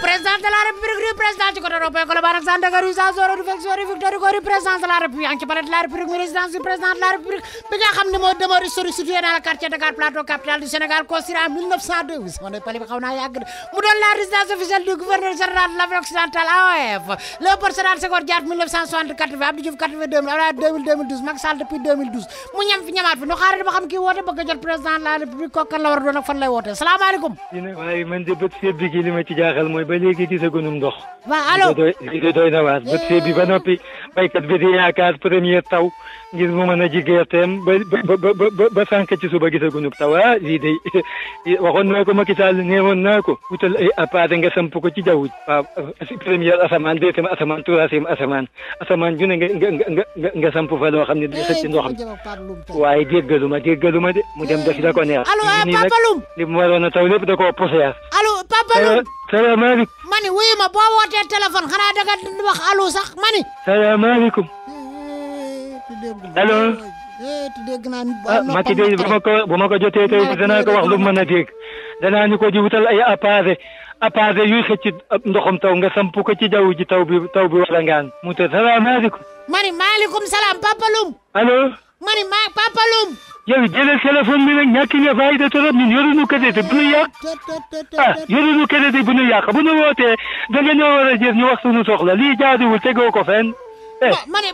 président de la république ru président ci côté Europe Colobane ak Sandaga de la république ci palais de la république résidence du de la république mu doon la résidence officielle du gouverneur général de l'Afrique occidentale AOF Léopold Sédar Senghor Diatta 1964 Abdou Diouf 82 Abdoulaye 2000 de la république kookan la war a ak fan lay woote salaamaaleykum waaye man de bët seddi gi li ma ci jaaxal ba léegi gisaguñu ndox. waaw allo de doy na waar ba tey bi ba noppi béykat bi di yaakaar premier taw ngir mu mën a ji gerteem ba ba ba ba sànq ci suba gisaguñu um taw ah lii de waxoon naa ko Macky Sall neewoon naa ko wutal ay appareil nga samp ko ci jaww ji. waaw première asamaan deuxième asamaan troisième asamaan asamaan ju ne nga nga nga nga samp fa loo xam ne day xëcc ndox eh, mi waaye déggalu ma déggalu ma de mu dem def la ko neex. Eh, allo Papa Loum li mu waroon a taw lépp da koo balu salaamaaleykum mani wuyu ma boo wootee téléphone xanaa da nga wax allo sax mani salaamaaleykum allo dégg ah, bu ma ko bu ma ko jotee tey danaa ko wax lu mën a dégg danaa ñu ko di wutal ay appareil appareil yuy xëcc ndoxum taw nga samp ko ci jaww ji taw bi taw bi wala ngaan mu te salaamaaleykum Papa Loum allo ma ne maa Papa Loum. yow jëlal téléphone bi nag ñàkk nga fayda trop ñun yoruñu qualité bu ñu yàq. ah yoruñu qualité bu ñu yàq bu ñu wootee daga nga ñoo war a jël ñu wax suñu soxla lii jaaduwul tegoo ko fenn. eh ma ne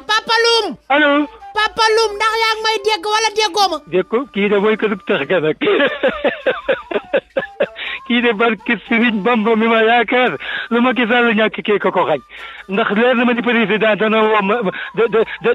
Papa ndax yaa ngi may dégg wala déggoo ma. dégg ko kii da mooy kër tax ga كي دبر كسفيت بامبو مي ياكر لما كي زال نياك كي كوكو غاي ندخ لازم ما نبري في دان انا هو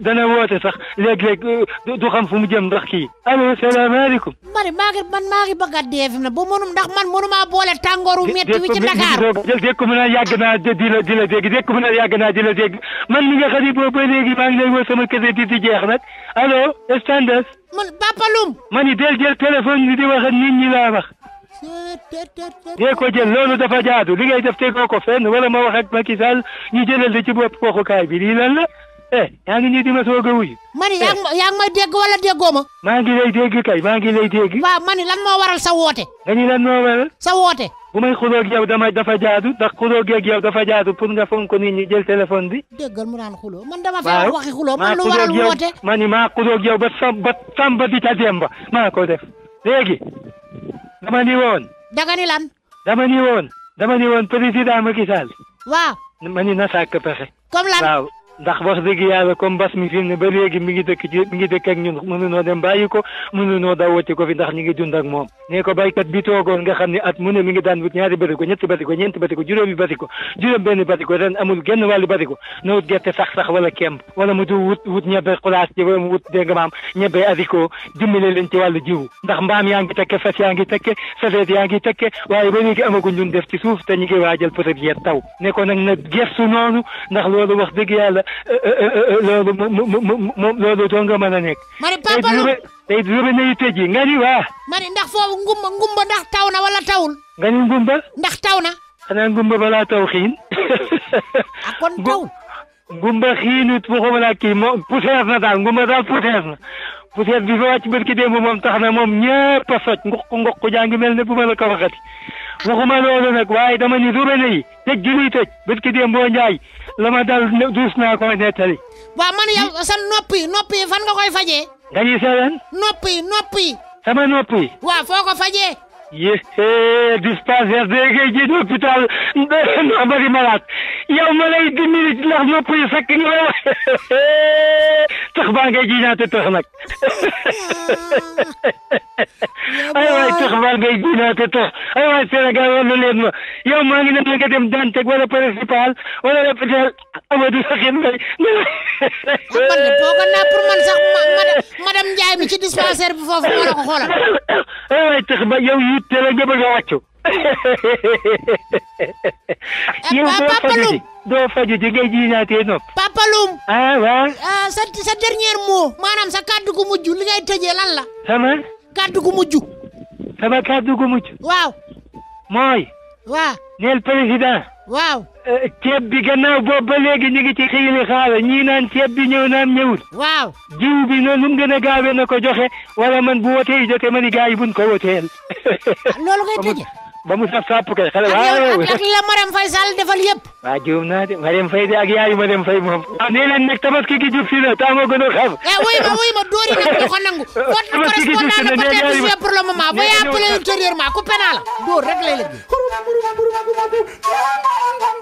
انا هو تصخ ليك ليك دو خام فم جام دخكي الو السلام عليكم ماري ماغي بان ماغي بغات دي من بو مونوم ندخ مان مونو ما بولا تانغورو ميتي ويتي دكار ديك ديكو منا ياغنا ديلا ديلا ديك ديكو منا ياغنا ديلا ديك من ميغا خدي بو بو ليغي ماغي لاي وسما كزي تي تي جيخنك الو استاندس من بابا لوم ماني ديل ديل تليفون ني دي واخا نيني لا واخ dee ko jël loolu dafa jaadu li ngay def tegoo ko fenn wala ma wax ma Macky Sall ñu jëlal di ci bopp waxukaay bi lii lan la eh yaa ngi nii di ma soog a wuyu. mani yaa eh. ngi ma yaa ngi ma. maa ngi lay dégg kay maa ngi lay dégg. waaw mani lan moo waral sa woote. dañuy lan moo waral. sa woote. bu may xulóog yow damay dafa jaadu ndax xulóog yeeg yow dafa jaadu pour nga fonk nit ñi jël téléphone bi. déggal mu naan xulóo man dama fee waxi xulóo man lu waral woote. ma ni maa xulóog yow ba samba ba samba di ca demba maa ko def léegi dama ni woon. danga ni lan. dama ni woon. dama ni woon président Macky Sall. waaw. ma ni na sàkk pexe. comme lan ndax wax dëgg yàlla comme mbas mi fi ne ba léegi mi ngi dëkk ci mi ngi dëkk ak ñun mënunoo dem bàyyi ko mënunoo dawati ko fi ndax ñu ngi dund ak moom ne ko baykat bi toogoon nga xam ne at mu ne mi ngi daan wut ñaari batiko ñetti batiko ñeenti batiko juróomi batiko juróom benn batiko ren amul genn wàllu batiko na wut gerte sax sax wala kemb wala mu du wut wut ñebe xulaas ci wala mu wut dégg nga maam ñebe adiko dimbale leen ci wàllu jiwu ndax mbaam yaa ngi tekke fas yaa ngi tekke safeet yaa ngi tekke waaye ba léegi amaguñ luñ def ci suuf te ñu ngi waajal peut-être taw ne ko nag na gestu noonu ndax loolu wax dëgg yàlla loolu moom moom a nekk. mari papa lu tey juróomi nañu tëj yi nga waa. mari ndax foofu ngumba ngumba ndax taw na wala tawul. nga ngumba. ndax taw na. xanaa ngumba balaa taw xiin. ah kon ngumba xiinut waxuma laa kii moom poussière na daal ngumba daal poussière na. poussière bi fa wàcc bët moom tax na moom ñëpp a soj ngox ngox jaa mel ne bu ma waxati. waxuma waaye dama ni du benn yi tëj gi muy tëj bët ki dem boo njaay la ma dal duus naa ko nettali. waaw man yow sa nopp yi nopp fan nga koy fajee. nga ñuy seetaan. nopp yi nopp yi. sama foo ko fajee. yéé dispensaire de ngay jiit hôpital ndax bari malade yow ma lay dimbali ndax nopp yi sakk تخبان قاعد يجينا تتخنك ايوا تخبان قاعد يجينا تتخ ايوا سينا قال والله يوم ما قلنا ما قدم دانتك ولا برنسيبال ولا لا بدل ابد الخير ما man de toogoon naa pour man sax madame Ndiaye mi ci dispensaire bi foofu moo la ko xoolal aywa tax ba yow yitte la nga bëgg a wàccu eh, yow papa Loum doo faju ji ngay jiiñaatee nopp. Papa Loum. ah waaw. Ah, sa sa dernier mot maanaam sa kàddu gu mujj li ngay tëjee lan la. sama. kàddu gu mujj. sama kàddu gu mujj. waaw. mooy. waaw. neel président. waaw. Eh, ceeb bi gannaaw boobu ba léegi ñu ngi ci xiili xaala ñii naan ceeb bi ñëw naan ñëwul. waaw jiw bi noonu mu gën a gaawee na ko joxe wala man bu wotee jotee ma ni gars yi buñ ko woteel. Ah, loolu ngay tëjee. ba mu saf sàpp kay xale. waaw la Marème Faye Sall defal yëpp. waa juum naa de Marème Faye de ak yaayu Marème Faye moom. waaw nee leen nag tabaski gi jub si na taa ma gën a xam. wuy ma wuy ma dóor yi nag du ko nangu. tabaski gi jub si na nee naa yi ma pour la. dóor